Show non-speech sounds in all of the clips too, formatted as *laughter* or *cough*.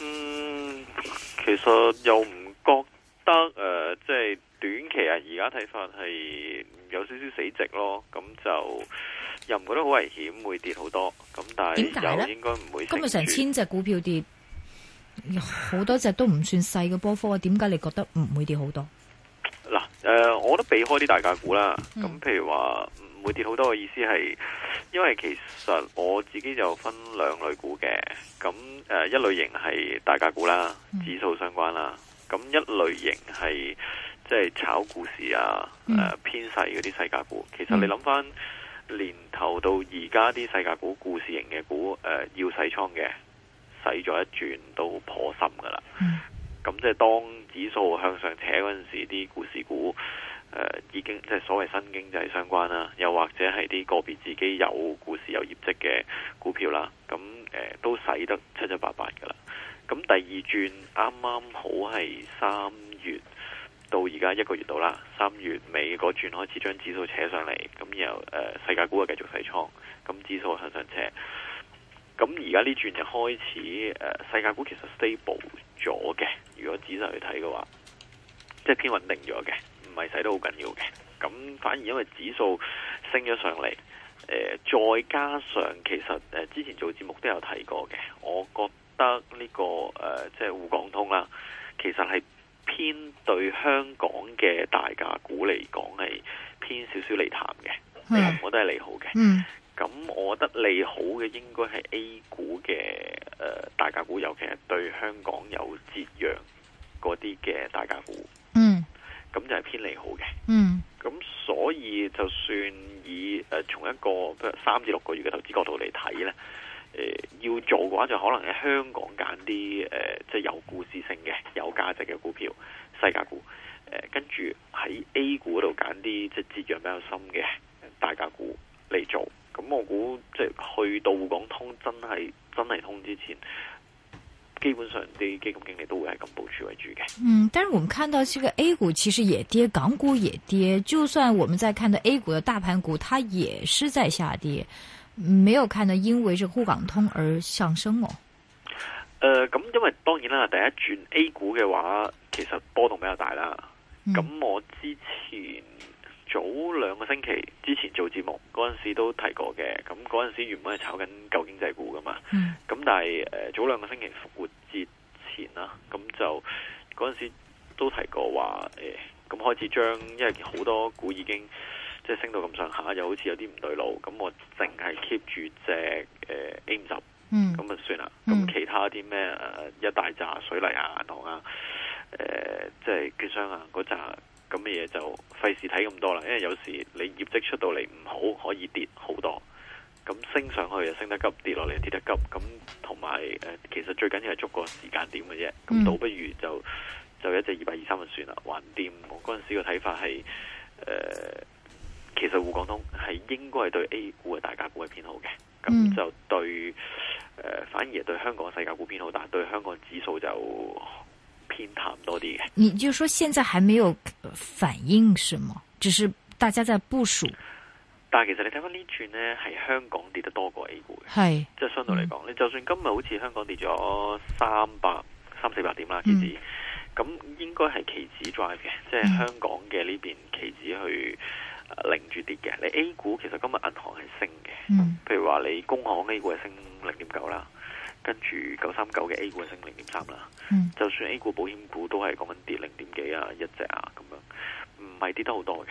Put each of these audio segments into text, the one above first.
嗯，其實又唔覺得誒、呃，即係短期啊，而家睇法係有少少死寂咯。咁就又唔覺得好危險，會跌好多。咁但係又應該唔會。點解呢？今日成千隻股票跌，好多隻都唔算細嘅波幅啊。點解你覺得唔會跌好多？嗱，誒、呃，我都避開啲大價股啦。咁譬如話唔會跌好多嘅意思係。嗯因為其實我自己就分兩類股嘅，咁誒、呃、一類型係大價股啦，嗯、指數相關啦，咁一類型係即係炒故事啊，偏、嗯呃、細嗰啲細價股。其實你諗翻、嗯、年頭到而家啲細價股、故事型嘅股，誒、呃、要洗倉嘅，洗咗一轉都頗深噶啦。咁、嗯、即係當指數向上扯嗰陣時候，啲故事股。誒、呃，已經即係所謂新經濟相關啦，又或者係啲個別自己有故事、有業績嘅股票啦，咁誒、呃、都洗得七七八八噶啦。咁第二轉啱啱好係三月到而家一個月到啦，三月尾嗰轉開始將指數扯上嚟，咁然後誒世界股啊繼續洗倉，咁指數向上，上扯。咁而家呢轉就開始誒、呃、世界股其實 stable 咗嘅，如果仔細去睇嘅話，即係偏穩定咗嘅。賣勢都好緊要嘅，咁反而因為指數升咗上嚟，誒、呃、再加上其實誒之前做節目都有提過嘅，我覺得呢、這個誒即係滬港通啦，其實係偏對香港嘅大價股嚟講係偏少少利淡嘅，我、mm. 覺得係利好嘅。咁、mm. 我覺得利好嘅應該係 A 股嘅誒、呃、大價股，尤其係對香港有折讓嗰啲嘅大價股。咁就係偏利好嘅，嗯，咁所以就算以誒從一個三至六個月嘅投資角度嚟睇呢，誒、呃、要做嘅話就可能喺香港揀啲誒即係有故事性嘅、有價值嘅股票細價股，跟住喺 A 股度揀啲即係折讓比較深嘅大價股嚟做，咁我估即係去到港通真係真係通之前。基本上啲基金經理都會係咁部署為主嘅。嗯，但是我們看到，這個 A 股其實也跌，港股也跌。就算我們再看到 A 股的大盤股，它也是在下跌，沒有看到因為是滬港通而上升哦。誒、呃，咁因為當然啦，第一轉 A 股嘅話，其實波動比較大啦。咁、嗯、我之前早兩個星期之前做節目嗰陣時都提過嘅，咁嗰陣時原本係炒緊舊經濟股噶嘛。嗯。咁但係誒、呃，早兩個星期複咁就嗰陣時都提過話，誒、欸，咁開始將因為好多股已經即係升到咁上下，又好似有啲唔對路，咁我淨係 keep 住隻誒、欸、A 五十，咁就算啦。咁其他啲咩、啊、一大扎水泥啊、銀行啊、誒即係券商啊嗰扎咁嘅嘢就費事睇咁多啦，因為有時你業績出到嚟唔好，可以跌好多。咁升上去又升得急，跌落嚟跌得急，咁同埋誒，其實最緊要係捉個時間點嘅啫。咁倒不如就、嗯、就一隻二百二三就算啦。橫掂，我嗰陣時嘅睇法係誒，其實滬港通係應該係對 A 股嘅大價股係偏好嘅。咁、嗯、就對誒、呃，反而係對香港嘅世界股偏好，但係對香港指數就偏淡多啲嘅。你就說現在還沒有反應是嗎，只是大家在部署。但係其實你睇翻呢串咧，係香港跌得多過 A 股嘅，即係相對嚟講，你就算今日好似香港跌咗三百三四百點啦、嗯就是，其實咁應該係期指 drive 嘅，即係香港嘅呢邊期指去領住跌嘅。你 A 股其實今日銀行係升嘅，嗯、譬如話你工行 A 股係升零點九啦，跟住九三九嘅 A 股係升零點三啦，就算 A 股保險股都係講緊跌零點幾啊，一隻啊咁樣，唔係跌得好多嘅。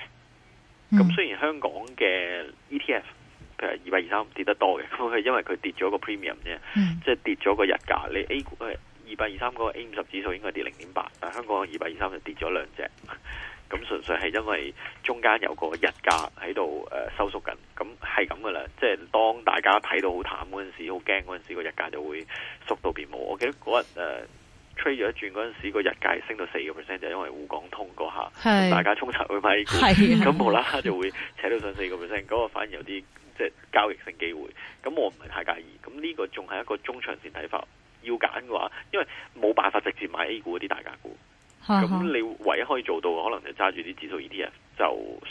咁、嗯、雖然香港嘅 ETF 譬如二百二三跌得多嘅，咁係因為佢跌咗個 premium 啫、嗯，即係跌咗個日價。你 A 股二百二三嗰個 A 五十指數應該跌零點八，但香港二百二三就跌咗兩隻，咁純粹係因為中間有個日價喺度、呃、收縮緊，咁係咁噶啦。即係當大家睇到好淡嗰陣時，好驚嗰陣時，個日價就會縮到變冇。我記得嗰日吹咗、er、一轉嗰陣時，時，個日價升到四個 percent，就是、因為滬港通嗰下，是大家衝集去買 A 股，咁、啊、無啦啦就會扯到上四個 percent，嗰個反而有啲即係交易性機會。咁我唔係太介意。咁呢個仲係一個中長線睇法。要揀嘅話，因為冇辦法直接買 A 股嗰啲大價股，咁是、啊、你唯一可以做到嘅可能就揸住啲指數 ETF。就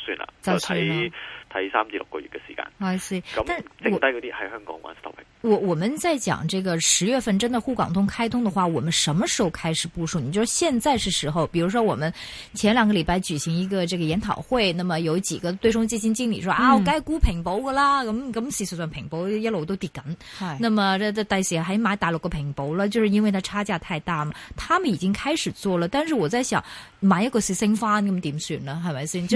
算啦，就睇睇三至六個月嘅時間。係先、啊？咁、嗯、我剩低嗰啲喺香港玩，我我們在講這個十月份真的滬港通開通的話，我們什麼時候開始部署？你就是現在是時候。比如說我們前兩個禮拜舉行一個這個研討會，那麼有幾個對沖基金經理說、嗯、啊，我。梗係沽平保噶啦，咁咁事實上平保一路都跌緊。係是，那麼第第時喺買大陸個平保啦，就是因為它差價太大嘛。他們已經開始做了，但是我在想買一個四星翻咁點算呢？係咪先？就。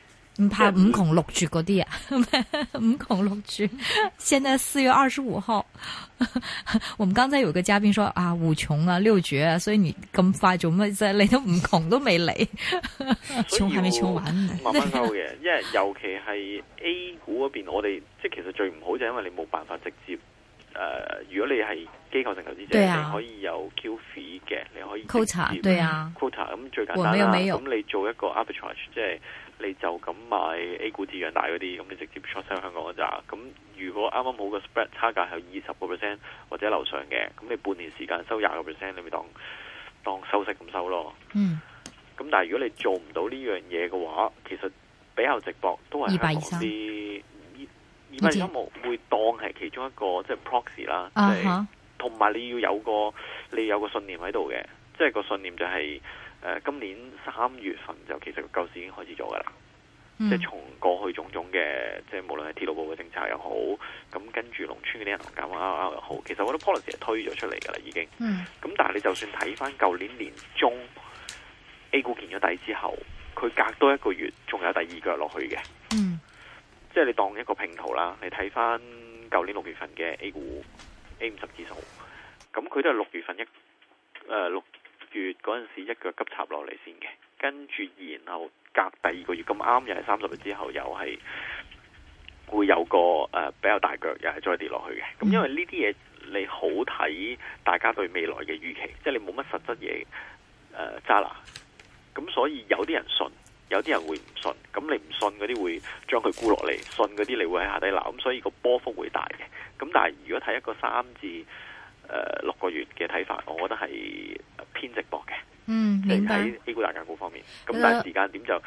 唔怕五窮六絕嗰啲啊，五窮六絕。現在四月二十五號，我們剛才有個嘉賓說啊，五窮啊，六絕啊，所以你咁快做乜啫？你都五窮都未嚟，窮還咪窮完？慢慢收嘅， *laughs* 因為尤其係 A 股嗰邊，我哋即係其實最唔好就係因為你冇辦法直接誒、呃，如果你係機構性投資者、啊你，你可以有 QF 嘅，你可以 quota 對啊 quota 咁、啊、Qu 最簡單啦，咁你做一個 arbitrage 即、就、係、是。你就咁買 A 股資源大嗰啲，咁你直接出 h 香港嗰扎。咁如果啱啱好個 spread 差價係二十個 percent 或者樓上嘅，咁你半年時間收廿個 percent，你咪當當收息咁收咯。咁、嗯、但係如果你做唔到呢樣嘢嘅話，其實比較直播都係啲二二八二三五會當係其中一個即係、就是、proxy 啦。就是 uh huh. 同埋你要有個你要有個信念喺度嘅，即係個信念就係、是呃、今年三月份就其實舊市已經開始咗噶啦，嗯、即係從過去種種嘅，即係無論係鐵路部嘅政策又好，咁跟住農村嗰啲人減翻啱又好，其實我覺得 policy 係推咗出嚟噶啦，已經。咁、嗯、但係你就算睇翻舊年年中 A 股見咗底之後，佢隔多一個月仲有第二腳落去嘅。嗯、即係你當一個拼圖啦，你睇翻舊年六月份嘅 A 股。A 五十指數，咁佢都係六月份一，誒、呃、六月嗰陣時一腳急插落嚟先嘅，跟住然後隔第二個月咁啱又係三十日之後又係會有個誒、呃、比較大腳，又係再跌落去嘅。咁因為呢啲嘢你好睇大家對未來嘅預期，即、就、係、是、你冇乜實質嘢誒揸啦，咁、呃、所以有啲人信。有啲人會唔信，咁你唔信嗰啲會將佢沽落嚟，信嗰啲你會喺下底攬，咁所以個波幅會大嘅。咁但係如果睇一個三至誒六個月嘅睇法，我覺得係偏值博嘅。嗯，明白。喺 A 股大銀股方面，咁但係時間點就。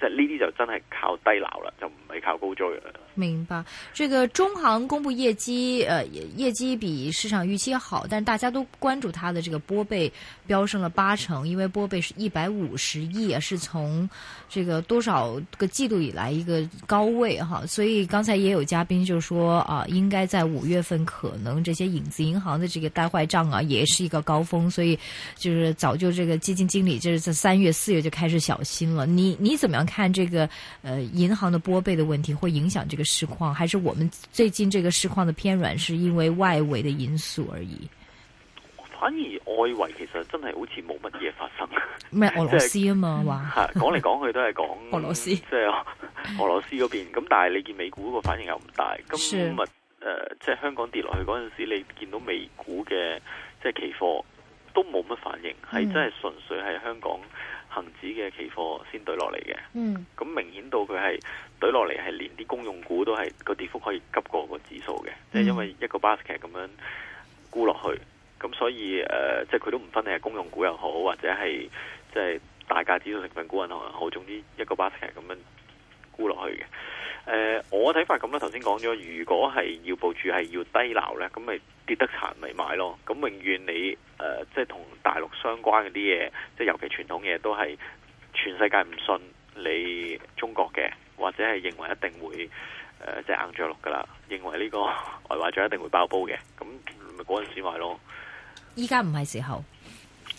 即係呢啲就真係靠低撈啦，就唔係靠高追啦。明白，這個中行公布業績，呃，業績比市場預期好，但大家都關注它的這個撥備飆升了八成，因為撥備是一百五十億啊，是從這個多少個季度以來一個高位哈。所以剛才也有嘉賓就說啊、呃，應該在五月份可能這些影子銀行的這個呆壞賬啊，也是一個高峰，所以就是早就這個基金經理就是在三月四月就開始小心了。你你怎麼樣？看這個，呃，銀行的撥備的問題會影響這個市況，還是我們最近這個市況的偏軟是因為外圍的因素而已？反而外圍其實真係好似冇乜嘢發生。咩？俄羅斯啊嘛，話講嚟講去都係講俄羅斯，即係俄羅斯嗰邊。咁但係你見美股個反應又唔大。今日誒，即係是、呃就是、香港跌落去嗰陣時，你見到美股嘅即係期貨都冇乜反應，係、嗯、真係純粹係香港。恒指嘅期貨先懟落嚟嘅，咁、嗯、明顯到佢係懟落嚟係連啲公用股都係個跌幅可以急過個指數嘅，即係、嗯、因為一個 basket 咁樣沽落去，咁所以誒，即係佢都唔分你係公用股又好，或者係即係大價指數成分股銀行又好，總之一個 basket 咁樣，落去嘅，誒，我睇法，咁啦。頭先講咗，如果係要部署，係要低樓咧，咁咪跌得殘咪買咯。咁永遠你誒，即係同大陸相關嘅啲嘢，即係尤其傳統嘢都係全世界唔信你中國嘅，或者係認為一定會誒即係硬着陸噶啦，認為呢個外匯局一定會爆煲嘅，咁咪嗰陣時買咯。依家唔係時候，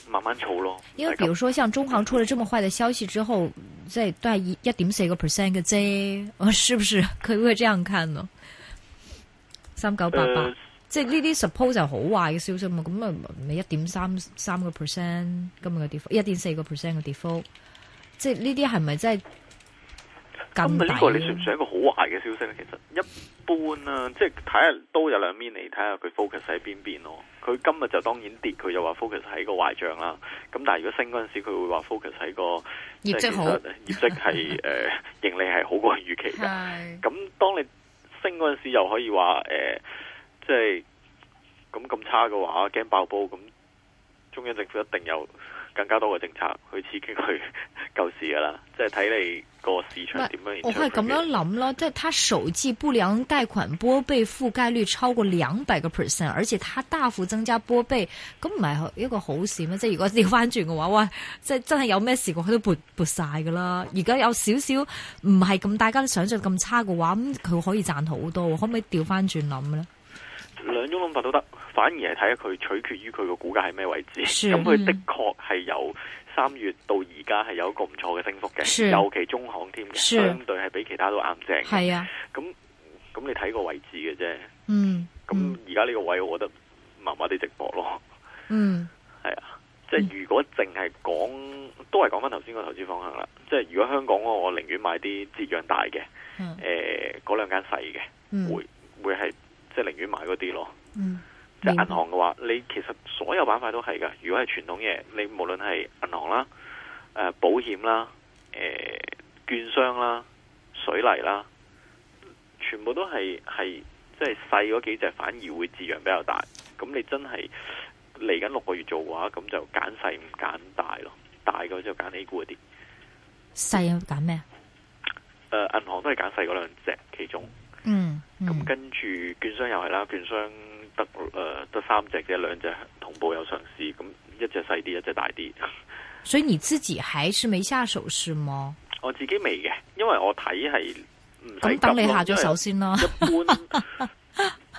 慢慢儲咯。因為，比如說，像中行出了這麼壞的消息之後。即係都係一一點四個 percent 嘅啫，我是不是佢會這樣看咯？三九八八，uh, 即係呢啲 suppose 就好壞嘅消息嘛。咁啊，你一點三三個 percent 今日嘅跌幅，一點四個 percent 嘅跌幅，即係呢啲係咪真係咁大？咁呢個你算唔算一個好壞嘅消息咧？其實一。Yep. 般啦，即係睇下都有兩面嚟，睇下佢 focus 喺邊邊咯。佢今日就當然跌，佢又話 focus 喺個壞賬啦。咁但係如果升嗰陣時，佢會話 focus 喺個業績好，呃，其實業績係誒盈利係好過預期嘅。咁當你升嗰陣時，又可以話，呃即係，差嘅話誒，即係咁咁差嘅話驚爆煲，咁中央政府一定有更加多嘅政策去刺激去救市噶啦。即係睇你。個市場點樣我係咁樣諗咯，即係 *music* 佢首季不良貸款撥備覆蓋率超過兩百個 percent，而且佢大幅增加撥備，咁唔係一個好事咩？即係如果調翻轉嘅話，喂，即係真係有咩事過他，佢都撥撥晒噶啦。而家有少少唔係咁，大家都想象咁差嘅話，咁佢可以賺好多。可唔可以調翻轉諗咧？兩種諗法都得，反而係睇下佢取決於佢個股價喺咩位置。咁佢是 *laughs* 的確係有。三月到而家係有一個唔錯嘅升幅嘅，是尤其中行添，嘅是，相對係比其他都啱正。係啊，咁咁你睇個位置嘅啫。嗯，咁而家呢個位，我覺得麻麻地值博咯。嗯，係啊，即、就、係、是、如果淨係講，嗯、都係講翻頭先個投資方向啦。即、就、係、是、如果香港我寧願買啲折讓大嘅，誒、嗯，嗰兩間細嘅，會會係即係寧願買嗰啲咯。嗯。就係銀行嘅話，你其實所有板塊都係噶。如果係傳統嘢，你無論係銀行啦、誒保險啦、誒券商啦、水泥啦，全部都係係即係細嗰幾隻，反而會自源比較大。咁你真係嚟緊六個月做嘅話，咁就揀細唔揀大咯。大嘅就揀 A 股嗰啲細啊，揀咩啊？誒，銀行都係揀細嗰兩隻其中。嗯，咁跟住券商又係啦，券商。得誒、呃，得三隻嘅兩隻同步有嘗試，咁一隻細啲，一隻大啲。所以你自己還是沒下手是嗎？我自己未嘅，因為我睇係唔使等你下咗手先啦，一般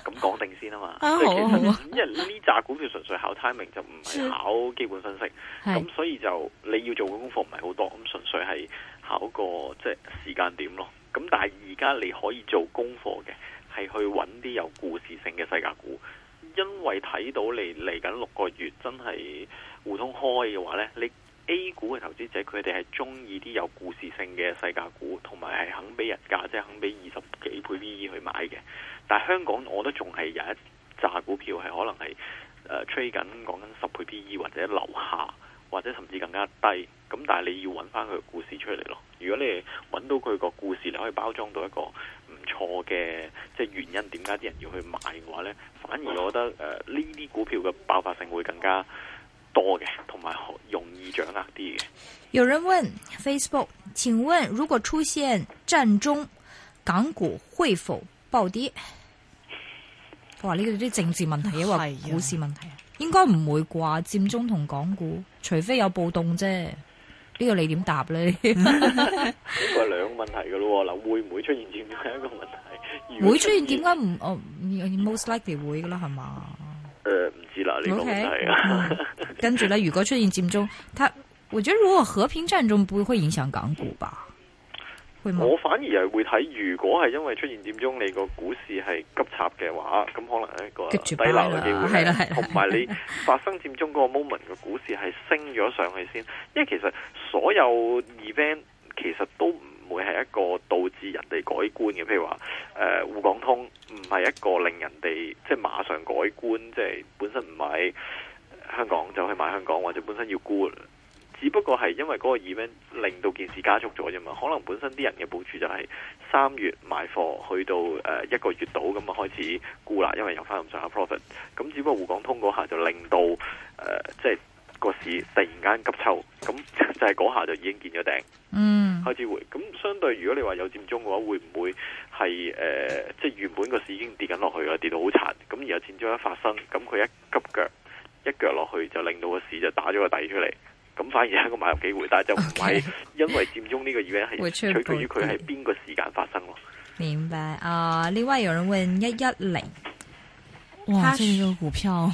咁講定先啊嘛、啊。好啊，好啊。因為呢扎股票純粹考 timing，就唔係考基本分析。咁是所以就你要做嘅功課唔係好多，咁純粹係考個即係、就是、時間點咯。咁但係而家你可以做功課嘅。係去搵啲有故事性嘅世界股，因為睇到你嚟緊六個月真係互通開嘅話呢，你 A 股嘅投資者佢哋係中意啲有故事性嘅世界股，同埋係肯俾人價，即係肯俾二十幾倍 P E 去買嘅。但係香港，我覺得仲係有一扎股票係可能係誒，吹緊講緊十倍 P E 或者樓下，或者甚至更加低。咁但係你要搵翻佢嘅故事出嚟咯。如果你搵到佢個故事，你可以包裝到一個。錯嘅即係原因，點解啲人要去買嘅話呢？反而我覺得誒，呢、呃、啲股票嘅爆發性會更加多嘅，同埋容易掌握啲嘅。有人問 Facebook，請問如果出現佔中，港股會否暴跌？話呢個啲政治問題，抑或股市問題啊？的應該唔會啩？佔中同港股，除非有暴動啫。呢個你點答咧？呢個係兩個問題噶咯，嗱，會唔會出現佔中係一個問題，出會出現點解唔你 most likely 會噶啦係嘛？誒唔、呃、知啦呢 Okay? 個問題啊。 *laughs* 嗯、跟住咧，如果出現佔中，他，我覺得如果和平佔中不會影響港股吧。 *laughs* 我反而係會睇，如果係因為出現佔中，你個股市係急插嘅話，咁可能係一個低流嘅機會，同埋你發生佔中嗰個 moment 嘅股市係升咗上去先。 *laughs* 因為其實所有 event 其實都唔會係一個導致人哋改觀嘅，譬如話誒，滬港通唔係一個令人哋即係馬上改觀，即係本身唔買香港就去買香港，或者本身要沽。只不過係因為嗰個 event 令到件事加速咗啫嘛，可能本身啲人嘅部署就係三月買貨去到誒一個月度咁啊開始沽啦，因為有翻咁上下 profit。咁只不過滬港通嗰下就令到誒，即係個市突然間急抽，咁就係嗰下就已經見咗頂，嗯，開始回。咁相對如果你話有佔中嘅話，會唔會係誒，即、呃、係、就是、原本個市已經跌緊落去啊，跌到好殘。咁而家佔中一發生，咁佢一急腳一腳落去，就令到個市就打咗個底出嚟。咁反而係一個買入機會，但係就唔係，因為佔中呢個預警係取決於佢喺邊個時間發生咯。明白啊！Uh, 另外有人問一一零，哇，是這個股票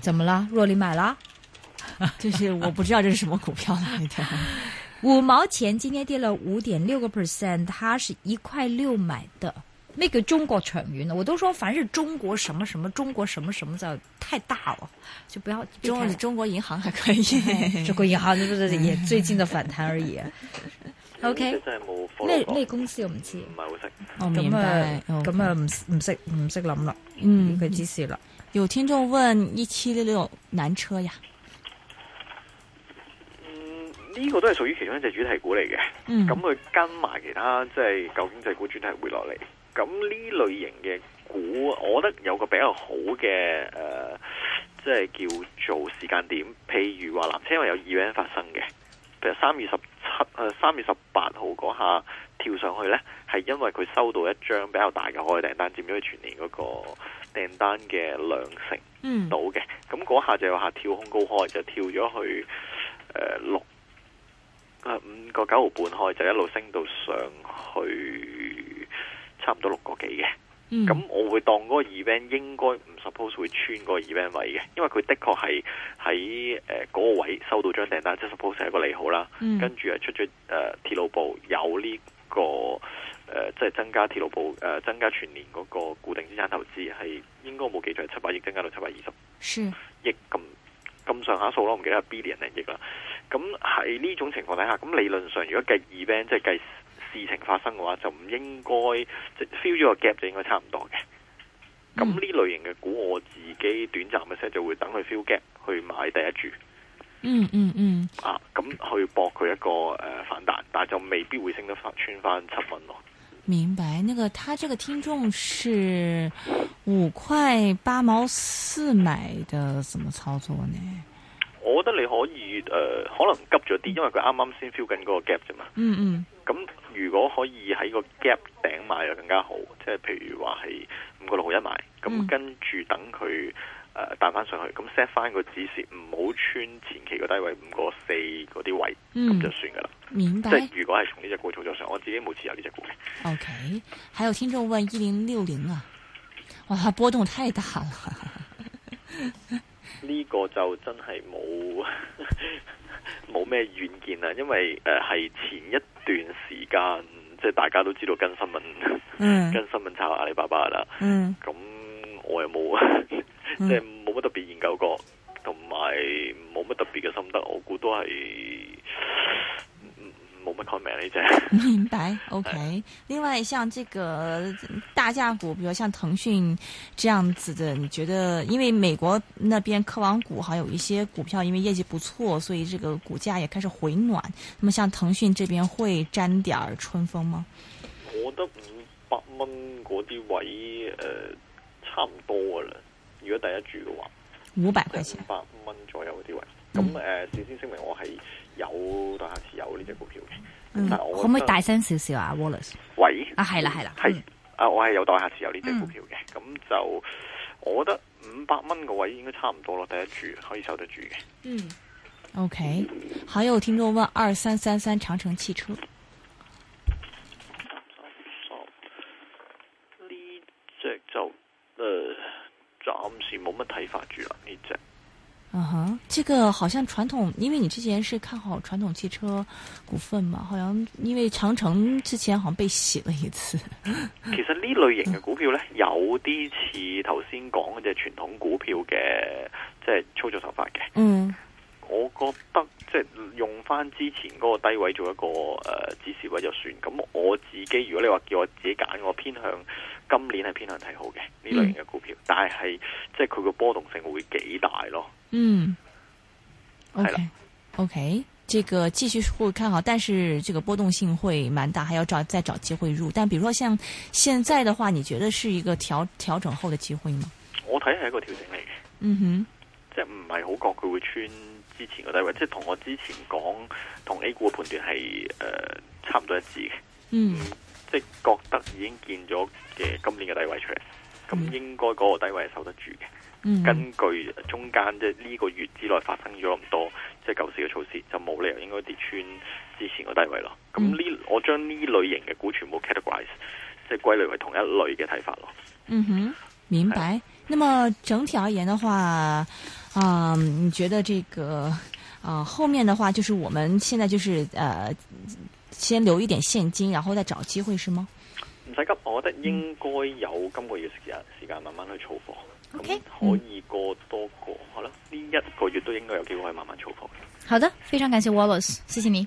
怎麼啦？若 *laughs* 你買啦？」 *laughs* 就是我不知道這是什麼股票。 *laughs* 五毛錢，今天跌了五點六個 percent，它是一塊六買的。咩叫中國長遠啊！我都說，凡是中國什麼什麼中國什麼什麼就太大了，就不要。中中國銀行還可以， *laughs* 中國銀行都最近的反彈而已，啊。O K，咩咩公司我唔知，唔係好識。咁明白，咁啊唔唔識唔識諗啦，嗯，佢只是啦。嗯，有聽眾問：一七六六南車呀？呢，嗯這個都係屬於其中一隻主題股嚟嘅，咁佢，嗯，跟埋其他即係舊經濟股主題回落嚟。咁呢類型嘅股，我覺得有個比較好嘅、呃、即係叫做時間點。譬如話，南車因為有 event 發生嘅，譬如三月十七、呃、誒三月十八號嗰下跳上去呢，係因為佢收到一張比較大嘅開訂單，佔咗佢全年嗰個訂單嘅兩成到嘅。咁嗰下就有一下跳空高開，就跳咗去六五個九毫半開，就一路升到上去。差唔多六個幾嘅，咁、嗯、我會當嗰個 event 應該唔 suppose 會穿個 event 位嘅，因為佢的確係喺誒嗰個位收到張訂單，即、就是、suppose 係一個利好啦。嗯、跟住係出咗誒、呃、鐵路部有呢、這個誒，即、呃、係、就是、增加鐵路部誒、呃、增加全年嗰個固定資產投資，係應該冇記錯係七百億增加到七百二十億咁咁是上下數咯，我唔記得係 billion 定億啦。咁喺呢種情況底下，咁理論上如果計 event 即係計。事情發生嘅話，就唔應該即 fill 咗個 gap 就應該差唔多嘅。咁呢類型嘅股，嗯、我自己短暫嘅時候就會等佢 fill gap 去買第一注。嗯嗯嗯。嗯嗯啊，咁去博佢一個誒、呃、反彈，但係就未必會升得穿翻七蚊咯。明白，那個他這個聽眾是五塊八毛四買的，怎麼操作呢？我覺得你可以誒、呃，可能急咗啲，因為佢啱啱先 feel 緊嗰個 gap 啫嘛。嗯嗯。咁如果可以喺個 gap 頂買就更加好，即係譬如話係五個六毫一買，咁跟住等佢誒彈翻上去，咁 set 翻個指示，唔好穿前期個低位五個四嗰啲位，咁、嗯、就算噶啦。明白。即係如果係從呢隻股操作上，我自己冇持有呢隻股。OK，還有聽眾問一零六零啊，哇，波動太大啦！ *laughs* 呢個就真係冇冇咩遠見啊，因為誒係、呃、前一段時間，即、就、係、是、大家都知道跟新聞，嗯、 *laughs* 跟新聞炒阿里巴巴啦。咁、嗯、我又冇，即係冇乜特別研究過，同埋冇乜特別嘅心得，我估都係。我明啦，已經明白。OK，另外像這個大價股，比如像騰訊這樣子的，你覺得因為美國那邊科網股，好像有一些股票因為業績不錯，所以這個股價也開始回暖。那麼像騰訊這邊會沾點春風嗎？我覺得五百蚊嗰啲位，誒、呃，差唔多噶啦。如果第一注嘅話。五百塊錢，五百蚊左右嗰啲位。咁誒，事、嗯呃、先聲明我係有代客持有呢隻股票嘅。嗯,嗯，可唔可以大聲少少啊，Wallace？喂，啊係啦係啦，係。啊，我係有代客持有呢隻股票嘅。咁、嗯、就我覺得五百蚊個位應該差唔多咯，第一住可以守得住嘅。嗯，OK 嗯。還有聽眾問二三三三長城汽車。我唔是冇乜睇法住啦呢隻，嗯哼，這個好像傳統，因為你之前是看好傳統汽車股份嘛，好像因為長城之前好像被洗了一次。其實呢類型嘅股票呢，嗯、有啲似頭先講嗰隻傳統股票嘅，即係操作手法嘅，嗯。我覺得即係用翻之前嗰個低位做一個誒、呃、指示位就算。咁我自己如果你話叫我自己揀，我偏向今年係偏向睇好嘅呢類型嘅股票。嗯、但係即係佢個波動性會幾大咯。嗯，係啦。O K，這個繼續會看好，但是這個波動性會蠻大，還要找再找機會入。但比如說像現在的話，你覺得是一個調調整後嘅機會嗎？我睇係一個調整嚟嘅。嗯哼，即係唔係好覺佢會穿。之前嘅低位，即係同我之前講同 A 股嘅判斷係誒差唔多一致嘅，嗯，即係覺得已經見咗嘅今年嘅低位出嚟，咁、嗯、應該嗰個低位係守得住嘅，嗯、哼根據中間即係呢個月之內發生咗咁多即係救市嘅措施，就冇理由應該跌穿之前嘅低位咯，咁呢、嗯、我將呢類型嘅股全部 categorise，即係歸類為同一類嘅睇法咯。嗯哼，明白。是那麼整體而言嘅話。啊、嗯，你覺得這個啊、呃、後面的話，就是我們現在就是呃，先留一點現金，然後再找機會，是嗎？唔使急，我覺得應該有今個月時間慢慢去儲貨。OK，可以過多個，嗯、好啦，呢一個月都應該有機會可以慢慢儲貨。好的，非常感謝 Wallace，謝謝你。